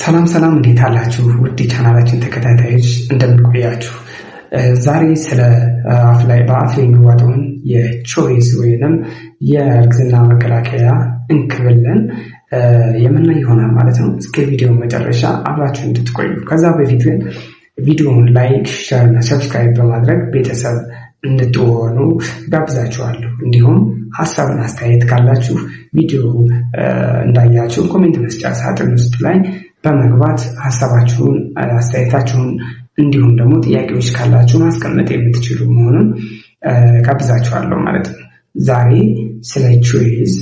ሰላም ሰላም እንዴት አላችሁ? ውድ ቻናላችን ተከታታዮች እንደምንቆያችሁ። ዛሬ ስለ አፍ ላይ በአፍ ላይ የሚዋጠውን የቾይስ ወይንም የእርግዝና መከላከያ እንክብልን የምናይ ይሆናል ማለት ነው። እስከ ቪዲዮ መጨረሻ አብራችሁ እንድትቆዩ። ከዛ በፊት ግን ቪዲዮውን ላይክ፣ ሸር እና ሰብስክራይብ በማድረግ ቤተሰብ እንድትሆኑ ጋብዛችኋለሁ። እንዲሁም ሀሳብን አስተያየት ካላችሁ ቪዲዮ እንዳያችሁ ኮሜንት መስጫ ሳጥን ውስጥ ላይ በመግባት ሀሳባችሁን፣ አስተያየታችሁን እንዲሁም ደግሞ ጥያቄዎች ካላችሁ ማስቀመጥ የምትችሉ መሆኑን ጋብዛችኋለሁ ማለት ነው። ዛሬ ስለ ቾይዝ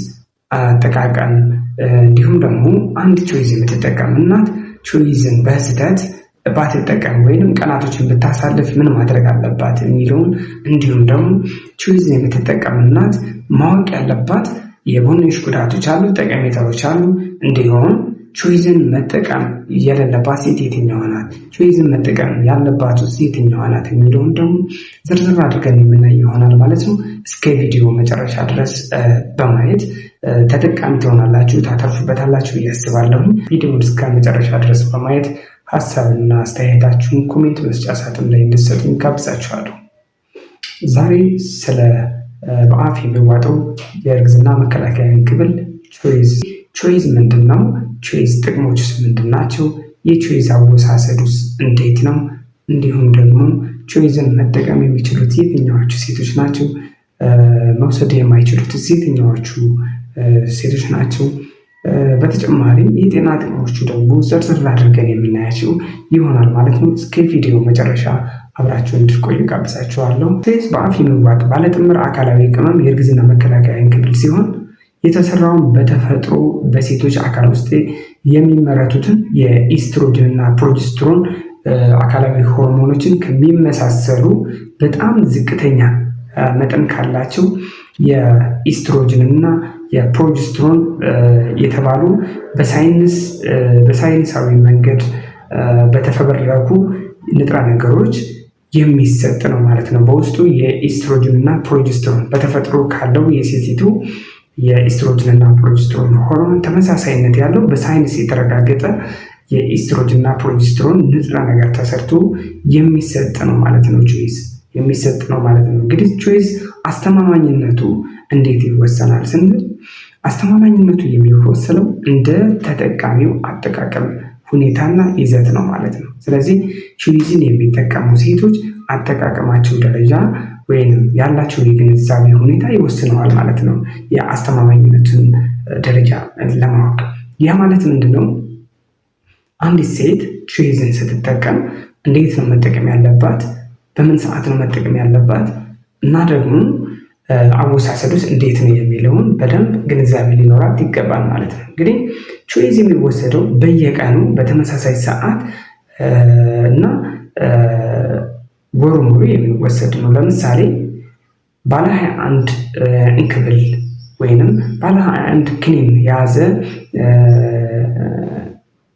አጠቃቀም እንዲሁም ደግሞ አንድ ቾይዝ የምትጠቀም እናት ቾይዝን በስህተት ባትጠቀም ወይም ቀናቶችን ብታሳልፍ ምን ማድረግ አለባት የሚለውን እንዲሁም ደግሞ ቾይዝን የምትጠቀም እናት ማወቅ ያለባት የጎንዮሽ ጉዳቶች አሉ፣ ጠቀሜታዎች አሉ እንዲሁም ቹዊዝን መጠቀም የሌለባት ሴት የትኛዋ ናት፣ ቹዊዝን መጠቀም ያለባት ውስጥ የትኛዋ ናት የሚለውን ደግሞ ዝርዝር አድርገን የምናይ ይሆናል ማለት ነው። እስከ ቪዲዮ መጨረሻ ድረስ በማየት ተጠቃሚ ትሆናላችሁ፣ ታተርፉበታላችሁ እያስባለሁ። ቪዲዮ እስከ መጨረሻ ድረስ በማየት ሀሳብና አስተያየታችሁን ኮሜንት መስጫ ሳጥን ላይ እንድትሰጡኝ ጋብዛችኋለሁ። ዛሬ ስለ በአፍ የሚዋጠው የእርግዝና መከላከያ ክብል ቹዊዝ ቹዊዝ ምንድን ነው? ቾይስ ጥቅሞችስ ምንድን ናቸው? የቾይስ አወሳሰዱስ እንዴት ነው? እንዲሁም ደግሞ ቾይዝን መጠቀም የሚችሉት የትኛዎቹ ሴቶች ናቸው? መውሰድ የማይችሉትስ የትኛዎቹ ሴቶች ናቸው? በተጨማሪም የጤና ጥቅሞቹ ደግሞ ዘርዘር አድርገን የምናያቸው ይሆናል ማለት ነው። እስከ ቪዲዮ መጨረሻ አብራችሁ እንድትቆዩ ጋብዛችኋለሁ። ቾይስ በአፍ የሚዋጥ ባለጥምር አካላዊ ቅመም የእርግዝና መከላከያ ክብል ሲሆን የተሰራውን በተፈጥሮ በሴቶች አካል ውስጥ የሚመረቱትን የኢስትሮጅን ፕሮጀስትሮን አካላዊ ሆርሞኖችን ከሚመሳሰሉ በጣም ዝቅተኛ መጠን ካላቸው የኢስትሮጅን እና የፕሮጀስትሮን የተባሉ በሳይንሳዊ መንገድ በተፈበረኩ ንጥረ ነገሮች የሚሰጥ ነው ማለት ነው። በውስጡ የኢስትሮጅን እና ፕሮጀስትሮን በተፈጥሮ ካለው የሴቲቱ የኢስትሮጅን እና ፕሮጀስትሮን ሆርሞን ተመሳሳይነት ያለው በሳይንስ የተረጋገጠ የኢስትሮጅን እና ንጥረ ነገር ተሰርቶ የሚሰጥ ነው ማለት ነው። ቾይስ የሚሰጥ ነው ማለት ነው። እንግዲህ ቾይስ አስተማማኝነቱ እንዴት ይወሰናል ስንል አስተማማኝነቱ የሚወሰነው እንደ ተጠቃሚው አጠቃቀም ሁኔታና ይዘት ነው ማለት ነው። ስለዚህ ቾይስን የሚጠቀሙ ሴቶች አጠቃቀማቸው ደረጃ ወይም ያላቸው የግንዛቤ ሁኔታ ይወስነዋል ማለት ነው። የአስተማማኝነቱን ደረጃ ለማወቅ ይህ ማለት ምንድን ነው? አንዲት ሴት ቾይዝን ስትጠቀም እንዴት ነው መጠቀም ያለባት፣ በምን ሰዓት ነው መጠቀም ያለባት እና ደግሞ አወሳሰዱስ እንዴት ነው የሚለውን በደንብ ግንዛቤ ሊኖራት ይገባል ማለት ነው። እንግዲህ ቾይዝ የሚወሰደው በየቀኑ በተመሳሳይ ሰዓት እና ወሩን ሙሉ የሚወሰድ ነው። ለምሳሌ ባለ 21 እንክብል ወይንም ባለ 21 ክኒን የያዘ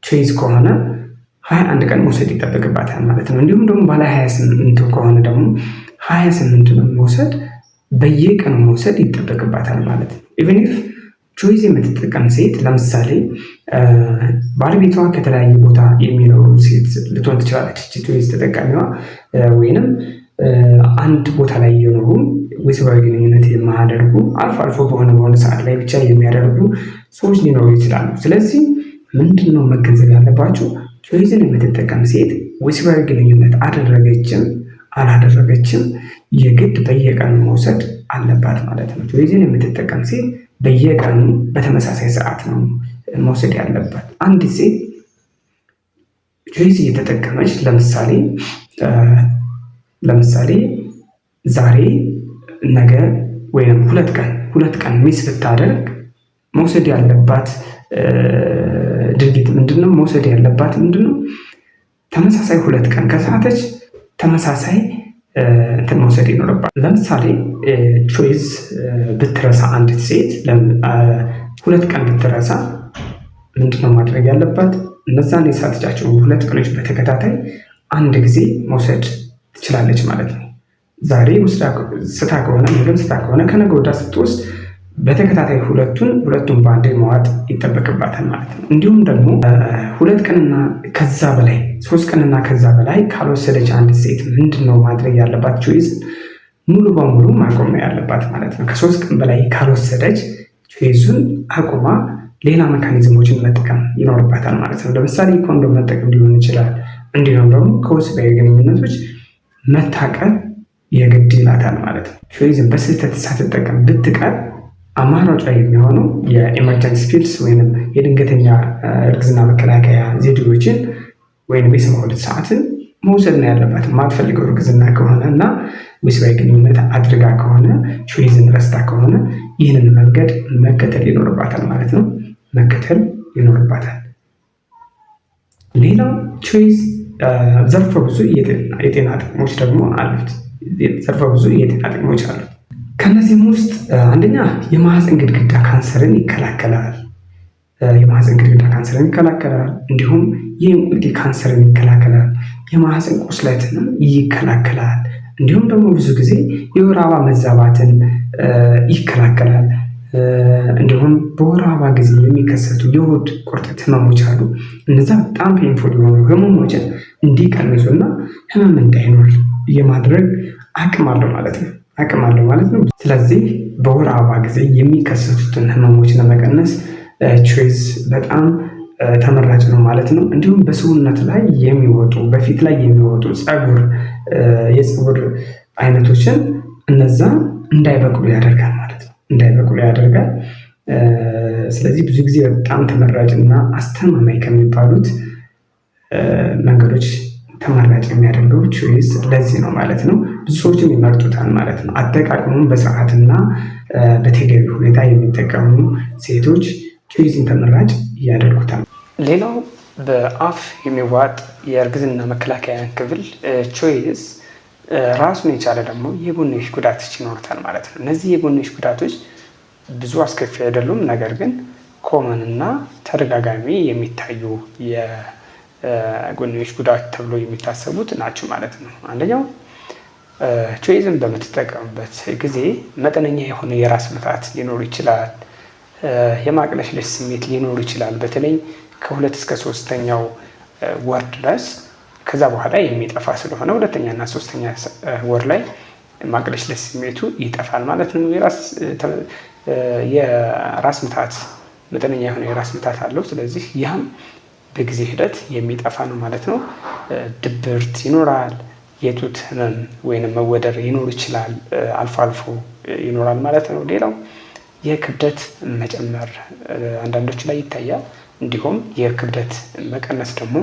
ቼዝ ከሆነ 21 ቀን መውሰድ ይጠበቅባታል ማለት ነው። እንዲሁም ደግሞ ባለ 28 ከሆነ ደግሞ 28 መውሰድ በየቀኑ መውሰድ ይጠበቅባታል ማለት ነው ኢቨን ኢፍ ቾይዝ የምትጠቀም ሴት ለምሳሌ ባለቤቷ ከተለያየ ቦታ የሚኖሩ ሴት ልትሆን ትችላለች። ቾይዝ ተጠቃሚዋ ወይንም አንድ ቦታ ላይ እየኖሩ ወሲባዊ ግንኙነት የማያደርጉ አልፎ አልፎ በሆነ በሆነ ሰዓት ላይ ብቻ የሚያደርጉ ሰዎች ሊኖሩ ይችላሉ። ስለዚህ ምንድን ነው መገንዘብ ያለባቸው? ቾይዝን የምትጠቀም ሴት ወሲባዊ ግንኙነት አደረገችም አላደረገችም የግድ በየቀኑ መውሰድ አለባት ማለት ነው። ቾይዝን የምትጠቀም ሴት በየቀኑ በተመሳሳይ ሰዓት ነው መውሰድ ያለባት። አንዲት ሴት ቾይስ እየተጠቀመች ለምሳሌ ለምሳሌ ዛሬ ነገ ወይም ሁለት ቀን ሁለት ቀን ሚስ ብታደርግ መውሰድ ያለባት ድርጊት ምንድነው? መውሰድ ያለባት ምንድነው? ተመሳሳይ ሁለት ቀን ከሰዓተች ተመሳሳይ እንትን መውሰድ ይኖርባል። ለምሳሌ ቾይስ ብትረሳ አንዲት ሴት ሁለት ቀን ብትረሳ ምንድነው ማድረግ ያለባት? እነዛን የሳተቻቸውን ሁለት ቀኖች በተከታታይ አንድ ጊዜ መውሰድ ትችላለች ማለት ነው። ዛሬ ስታ ከሆነ ምግብ ስታ ከሆነ ከነገ ወዲያ ስትወስድ በተከታታይ ሁለቱን ሁለቱን በአንዴ መዋጥ ይጠበቅባታል ማለት ነው። እንዲሁም ደግሞ ሁለት ቀንና ከዛ በላይ ሶስት ቀንና ከዛ በላይ ካልወሰደች አንድ ሴት ምንድን ነው ማድረግ ያለባት? ቾይዝ ሙሉ በሙሉ ማቆም ነው ያለባት ማለት ነው። ከሶስት ቀን በላይ ካልወሰደች ቹዊዙን አቁማ ሌላ መካኒዝሞችን መጠቀም ይኖርባታል ማለት ነው። ለምሳሌ ኮንዶም መጠቀም ሊሆን ይችላል። እንዲሁም ደግሞ ከወሲባዊ ግንኙነቶች መታቀብ የግድ ይላታል ማለት ነው። ቹዊዝን በስህተት ሳትጠቀም ብትቀር አማራጭ የሚሆኑ የኢመርጀንሲ ፒልስ ወይም የድንገተኛ እርግዝና መከላከያ ዘዴዎችን ወይም የስመ ሰዓትን መውሰድ ነው ያለባት። የማትፈልገው እርግዝና ከሆነ እና ወሲባዊ ግንኙነት አድርጋ ከሆነ ቾይዝን ረስታ ከሆነ ይህንን መንገድ መከተል ይኖርባታል ማለት ነው፣ መከተል ይኖርባታል። ሌላው ቾይዝ ዘርፈ ብዙ የጤና ጥቅሞች ደግሞ አሉት። ዘርፈ ብዙ የጤና ጥቅሞች አሉት። ከእነዚህም ውስጥ አንደኛ የማህፀን ግድግዳ ካንሰርን ይከላከላል። የማህፀን ግድግዳ ካንሰርን ይከላከላል። እንዲሁም የእንቁልቲ ካንሰርን ይከላከላል። የማህፀን ቁስለትንም ይከላከላል። እንዲሁም ደግሞ ብዙ ጊዜ የወር አበባ መዛባትን ይከላከላል። እንዲሁም በወር አበባ ጊዜ የሚከሰቱ የሆድ ቁርጠት ህመሞች አሉ። እነዛ በጣም ፔንፉል የሆኑ ህመሞችን እንዲቀንሱና ህመም እንዳይኖር የማድረግ አቅም አለው ማለት ነው። አቅም አለው ማለት ነው። ስለዚህ በወር አበባ ጊዜ የሚከሰቱትን ህመሞች ለመቀነስ ቾይስ በጣም ተመራጭ ነው ማለት ነው። እንዲሁም በሰውነት ላይ የሚወጡ በፊት ላይ የሚወጡ ጸጉር የጸጉር አይነቶችን እነዛ እንዳይበቅሉ ያደርጋል ማለት ነው። እንዳይበቅሉ ያደርጋል። ስለዚህ ብዙ ጊዜ በጣም ተመራጭ እና አስተማማኝ ከሚባሉት መንገዶች ተመራጭ የሚያደርገው ቾይስ ለዚህ ነው ማለት ነው። ብዙ ሰዎችም ይመርጡታል ማለት ነው። አጠቃቀሙን በስርዓትና በተገቢ ሁኔታ የሚጠቀሙ ሴቶች ቾይስን ተመራጭ እያደርጉታል። ሌላው በአፍ የሚዋጥ የእርግዝና መከላከያ ክፍል ቾይስ ራሱን የቻለ ደግሞ የጎንዮሽ ጉዳቶች ይኖሩታል ማለት ነው። እነዚህ የጎንዮሽ ጉዳቶች ብዙ አስከፊ አይደሉም፣ ነገር ግን ኮመን እና ተደጋጋሚ የሚታዩ ጎንዮሽ ጉዳት ተብሎ የሚታሰቡት ናቸው ማለት ነው። አንደኛው ቾይዝም በምትጠቀምበት ጊዜ መጠነኛ የሆነ የራስ ምታት ሊኖር ይችላል። የማቅለሽለሽ ስሜት ሊኖር ይችላል። በተለይ ከሁለት እስከ ሶስተኛው ወር ድረስ ከዛ በኋላ የሚጠፋ ስለሆነ ሁለተኛና ሶስተኛ ወር ላይ ማቅለሽለሽ ስሜቱ ይጠፋል ማለት ነው። የራስ ምታት መጠነኛ የሆነ የራስ ምታት አለው። ስለዚህ ያም በጊዜ ሂደት የሚጠፋ ነው ማለት ነው። ድብርት ይኖራል፣ የጡት ህመም ወይንም መወደር ይኖር ይችላል፣ አልፎ አልፎ ይኖራል ማለት ነው። ሌላው የክብደት መጨመር አንዳንዶች ላይ ይታያል። እንዲሁም የክብደት መቀነስ ደግሞ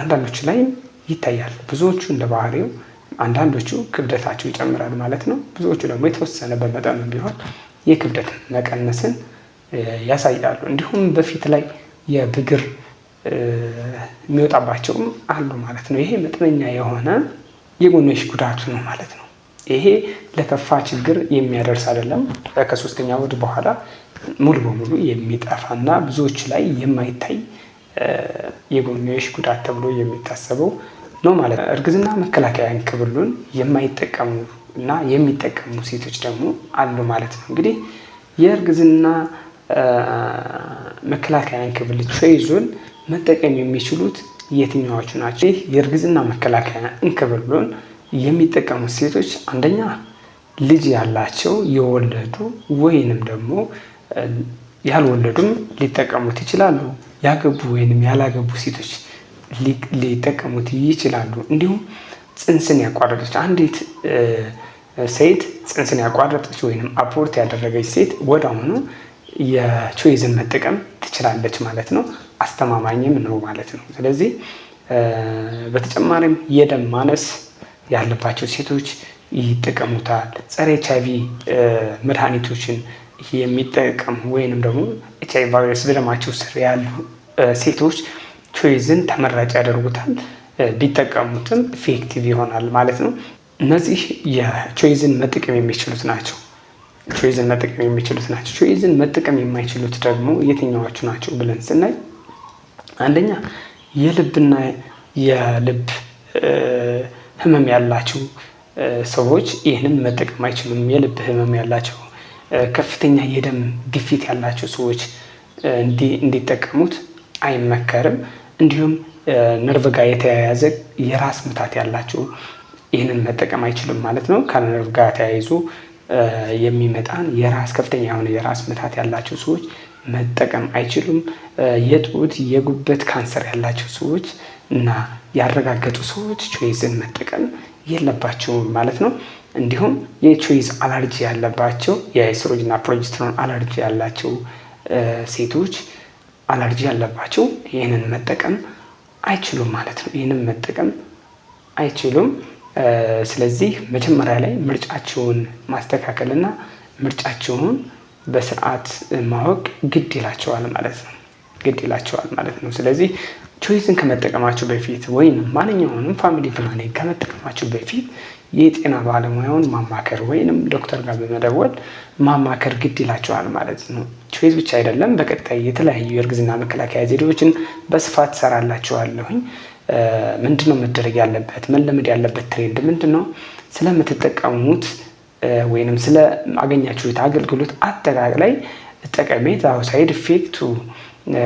አንዳንዶች ላይም ይታያል። ብዙዎቹ እንደ ባህሪው አንዳንዶቹ ክብደታቸው ይጨምራል ማለት ነው። ብዙዎቹ ደግሞ የተወሰነ በመጠኑ ቢሆን የክብደት መቀነስን ያሳያሉ። እንዲሁም በፊት ላይ የብግር የሚወጣባቸውም አሉ ማለት ነው። ይሄ መጠነኛ የሆነ የጎንዮሽ ጉዳቱ ነው ማለት ነው። ይሄ ለከፋ ችግር የሚያደርስ አይደለም። ከሶስተኛ ወር በኋላ ሙሉ በሙሉ የሚጠፋና ብዙዎች ላይ የማይታይ የጎንዮሽ ጉዳት ተብሎ የሚታሰበው ነው ማለት ነው። እርግዝና መከላከያ እንክብሉን የማይጠቀሙ እና የሚጠቀሙ ሴቶች ደግሞ አሉ ማለት ነው። እንግዲህ የእርግዝና መከላከያ እንክብል ቾይዙን መጠቀም የሚችሉት የትኛዎቹ ናቸው? ይህ የእርግዝና መከላከያ እንክብሎን የሚጠቀሙት ሴቶች አንደኛ ልጅ ያላቸው የወለዱ ወይንም ደግሞ ያልወለዱም ሊጠቀሙት ይችላሉ። ያገቡ ወይንም ያላገቡ ሴቶች ሊጠቀሙት ይችላሉ። እንዲሁም ጽንስን ያቋረጠች አንዲት ሴት ጽንስን ያቋረጠች ወይንም አፖርት ያደረገች ሴት ወደ አሁኑ የቾይዝን መጠቀም ትችላለች ማለት ነው። አስተማማኝም ነው ማለት ነው። ስለዚህ በተጨማሪም የደም ማነስ ያለባቸው ሴቶች ይጠቀሙታል። ጸረ ኤች አይቪ መድኃኒቶችን የሚጠቀሙ ወይንም ደግሞ ኤች ቫይረስ በደማቸው ስር ያሉ ሴቶች ቾይዝን ተመራጭ ያደርጉታል። ቢጠቀሙትም ኢፌክቲቭ ይሆናል ማለት ነው። እነዚህ የቾይዝን መጠቀም የሚችሉት ናቸው። ቾይዝን መጠቀም የሚችሉት ናቸው። ቾይዝን መጠቀም የማይችሉት ደግሞ የትኛዎቹ ናቸው ብለን ስናይ አንደኛ የልብና የልብ ህመም ያላቸው ሰዎች ይህንን መጠቀም አይችሉም። የልብ ህመም ያላቸው ከፍተኛ የደም ግፊት ያላቸው ሰዎች እንዲጠቀሙት አይመከርም። እንዲሁም ነርቭ ጋር የተያያዘ የራስ ምታት ያላቸው ይህንን መጠቀም አይችሉም ማለት ነው። ከነርቭ ጋር ተያይዞ የሚመጣን የራስ ከፍተኛ የሆነ የራስ ምታት ያላቸው ሰዎች መጠቀም አይችሉም። የጡት የጉበት ካንሰር ያላቸው ሰዎች እና ያረጋገጡ ሰዎች ቾይዝን መጠቀም የለባቸውም ማለት ነው። እንዲሁም የቾይዝ አለርጂ ያለባቸው የኤስትሮጅንና ፕሮጀስትሮን አለርጂ ያላቸው ሴቶች አለርጂ ያለባቸው ይህንን መጠቀም አይችሉም ማለት ነው። ይህንን መጠቀም አይችሉም። ስለዚህ መጀመሪያ ላይ ምርጫቸውን ማስተካከልና ምርጫቸውን በስርዓት ማወቅ ግድ ይላቸዋል ማለት ነው ግድ ይላቸዋል ማለት ነው። ስለዚህ ቾይስን ከመጠቀማቸው በፊት ወይም ማንኛውንም ፋሚሊ ፕላኒንግ ከመጠቀማቸው በፊት የጤና ባለሙያውን ማማከር ወይንም ዶክተር ጋር በመደወል ማማከር ግድ ይላቸዋል ማለት ነው። ቾይስ ብቻ አይደለም፣ በቀጣይ የተለያዩ የእርግዝና መከላከያ ዘዴዎችን በስፋት ሰራላቸዋለሁኝ። ምንድን ነው መደረግ ያለበት መለመድ ያለበት ትሬንድ ምንድን ነው? ስለምትጠቀሙት ወይንም ስለ አገኛችሁት አገልግሎት አጠቃላይ ላይ ጠቀሜታው፣ ሳይድ ኢፌክቱ፣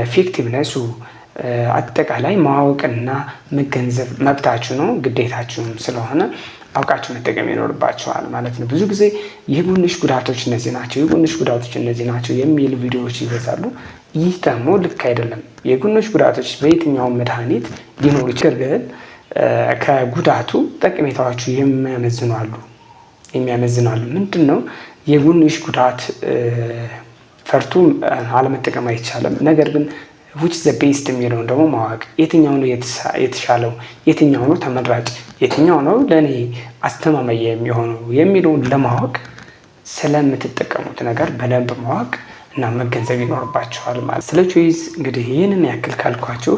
ኢፌክቲቭነሱ አጠቃላይ ማወቅና መገንዘብ መብታችሁ ነው ግዴታችሁም ስለሆነ አውቃችሁ መጠቀም ይኖርባቸዋል ማለት ነው። ብዙ ጊዜ የጎንሽ ጉዳቶች እነዚህ ናቸው፣ የጎንሽ ጉዳቶች እነዚህ ናቸው የሚል ቪዲዮዎች ይበዛሉ። ይህ ደግሞ ልክ አይደለም። የጎንሽ ጉዳቶች በየትኛውም መድኃኒት ሊኖሩ ይችላል። ከጉዳቱ ጠቀሜታዎቹ የሚያመዝኑ የሚያመዝናሉ ምንድን ነው የጎንሽ ጉዳት ፈርቱ አለመጠቀም አይቻልም። ነገር ግን ዊች ዘ ቤስት የሚለውን ደግሞ ማወቅ የትኛው ነው የተሻለው፣ የትኛው ነው ተመራጭ፣ የትኛው ነው ለእኔ አስተማማኝ የሚሆነው የሚለውን ለማወቅ ስለምትጠቀሙት ነገር በደንብ ማወቅ እና መገንዘብ ይኖርባቸዋል ማለት። ስለ ቾይስ እንግዲህ ይህንን ያክል ካልኳችሁ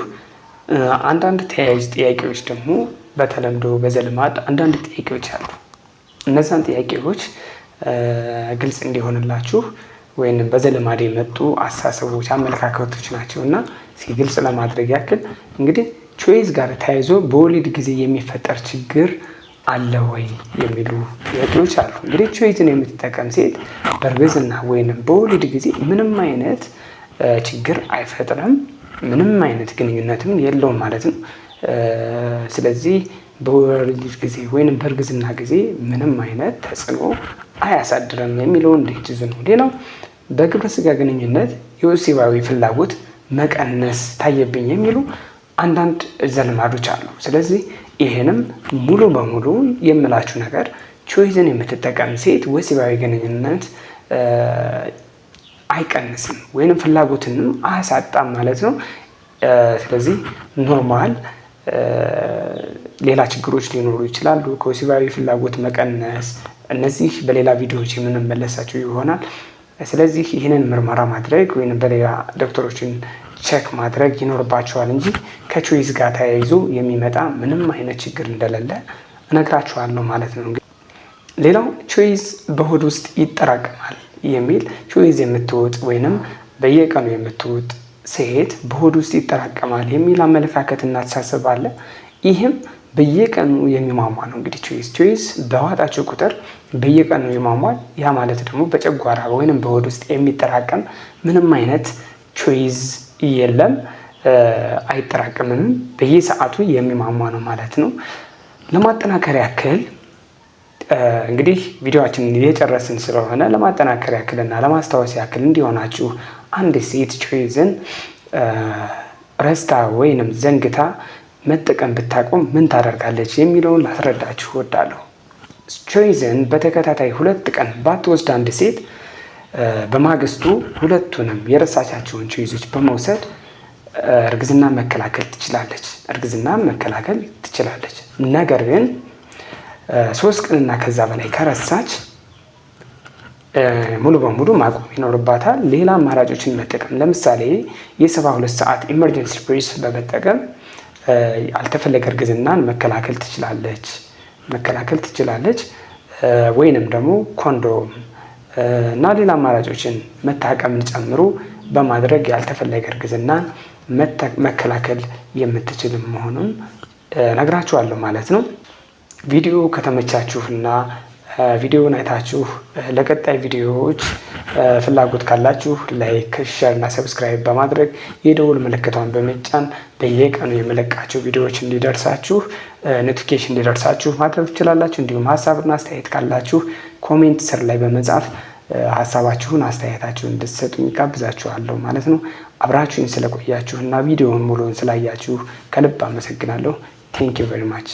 አንዳንድ ተያያዥ ጥያቄዎች ደግሞ በተለምዶ በዘልማድ አንዳንድ ጥያቄዎች አሉ። እነዛን ጥያቄዎች ግልጽ እንዲሆንላችሁ ወይም በዘለማድ የመጡ አስተሳሰቦች፣ አመለካከቶች ናቸው እና ሲግልጽ ለማድረግ ያክል እንግዲህ ቾይዝ ጋር ተያይዞ በወሊድ ጊዜ የሚፈጠር ችግር አለ ወይ የሚሉ ጥያቄዎች አሉ። እንግዲህ ቾይዝን የምትጠቀም ሴት በእርግዝና ወይንም በወሊድ ጊዜ ምንም አይነት ችግር አይፈጥርም፣ ምንም አይነት ግንኙነትም የለውም ማለት ነው። ስለዚህ በወሊድ ጊዜ ወይንም በእርግዝና ጊዜ ምንም አይነት ተጽዕኖ አያሳድርም የሚለው እንድትይዙ ነው። ሌላው በግብረ ስጋ ግንኙነት የወሲባዊ ፍላጎት መቀነስ ታየብኝ የሚሉ አንዳንድ ዘልማዶች አሉ። ስለዚህ ይህንም ሙሉ በሙሉ የምላችሁ ነገር ቾይዝን የምትጠቀም ሴት ወሲባዊ ግንኙነት አይቀንስም ወይም ፍላጎትንም አያሳጣም ማለት ነው። ስለዚህ ኖርማል ሌላ ችግሮች ሊኖሩ ይችላሉ። ከወሲባዊ ፍላጎት መቀነስ እነዚህ በሌላ ቪዲዮዎች የምንመለሳቸው ይሆናል። ስለዚህ ይህንን ምርመራ ማድረግ ወይም በሌላ ዶክተሮችን ቼክ ማድረግ ይኖርባቸዋል እንጂ ከቾይስ ጋር ተያይዞ የሚመጣ ምንም አይነት ችግር እንደሌለ እነግራችኋለሁ ማለት ነው። ሌላው ቾይስ በሆድ ውስጥ ይጠራቀማል የሚል ቾይስ የምትወጥ ወይንም በየቀኑ የምትወጥ ሴት በሆድ ውስጥ ይጠራቀማል የሚል አመለካከትና አስተሳሰብ አለ። ይህም በየቀኑ የሚሟሟ ነው። እንግዲህ ቾይስ ቾይስ በዋጣችሁ ቁጥር በየቀኑ ይሟሟል። ያ ማለት ደግሞ በጨጓራ ወይንም በሆድ ውስጥ የሚጠራቀም ምንም አይነት ቾይዝ የለም፣ አይጠራቀምም። በየሰዓቱ የሚሟሟ ነው ማለት ነው። ለማጠናከር ያክል እንግዲህ ቪዲዮችንን እየጨረስን ስለሆነ ለማጠናከር ያክልና ለማስታወስ ያክል እንዲሆናችሁ አንድ ሴት ቾይዝን ረስታ ወይንም ዘንግታ መጠቀም ብታቆም ምን ታደርጋለች የሚለውን ላስረዳችሁ እወዳለሁ። ቾይዝን በተከታታይ ሁለት ቀን ባትወስድ አንድ ሴት በማግስቱ ሁለቱንም የረሳቻቸውን ቾይዞች በመውሰድ እርግዝና መከላከል ትችላለች እርግዝና መከላከል ትችላለች። ነገር ግን ሶስት ቀንና ከዛ በላይ ከረሳች ሙሉ በሙሉ ማቆም ይኖርባታል። ሌላ አማራጮችን መጠቀም ለምሳሌ የሰባ ሁለት ሰዓት ኢመርጀንሲ ፕሪስ በመጠቀም ያልተፈለገ እርግዝናን መከላከል ትችላለች መከላከል ትችላለች። ወይንም ደግሞ ኮንዶም እና ሌላ አማራጮችን መታቀምን ጨምሮ በማድረግ ያልተፈለገ እርግዝናን መከላከል የምትችል መሆኑን ነግራችኋለሁ ማለት ነው። ቪዲዮ ከተመቻችሁና ቪዲዮውን አይታችሁ ለቀጣይ ቪዲዮዎች ፍላጎት ካላችሁ ላይክ፣ ሸር እና ሰብስክራይብ በማድረግ የደውል ምልክቷን በመጫን በየቀኑ የመለቃቸው ቪዲዮዎች እንዲደርሳችሁ ኖቲፊኬሽን እንዲደርሳችሁ ማድረግ ትችላላችሁ። እንዲሁም ሀሳብና አስተያየት ካላችሁ ኮሜንት ስር ላይ በመጻፍ ሀሳባችሁን አስተያየታችሁን እንድትሰጡኝ ጋብዛችኋለሁ ማለት ነው። አብራችሁኝ ስለቆያችሁ እና ቪዲዮውን ሙሉውን ስላያችሁ ከልብ አመሰግናለሁ። ቴንክ ዩ ቨሪ ማች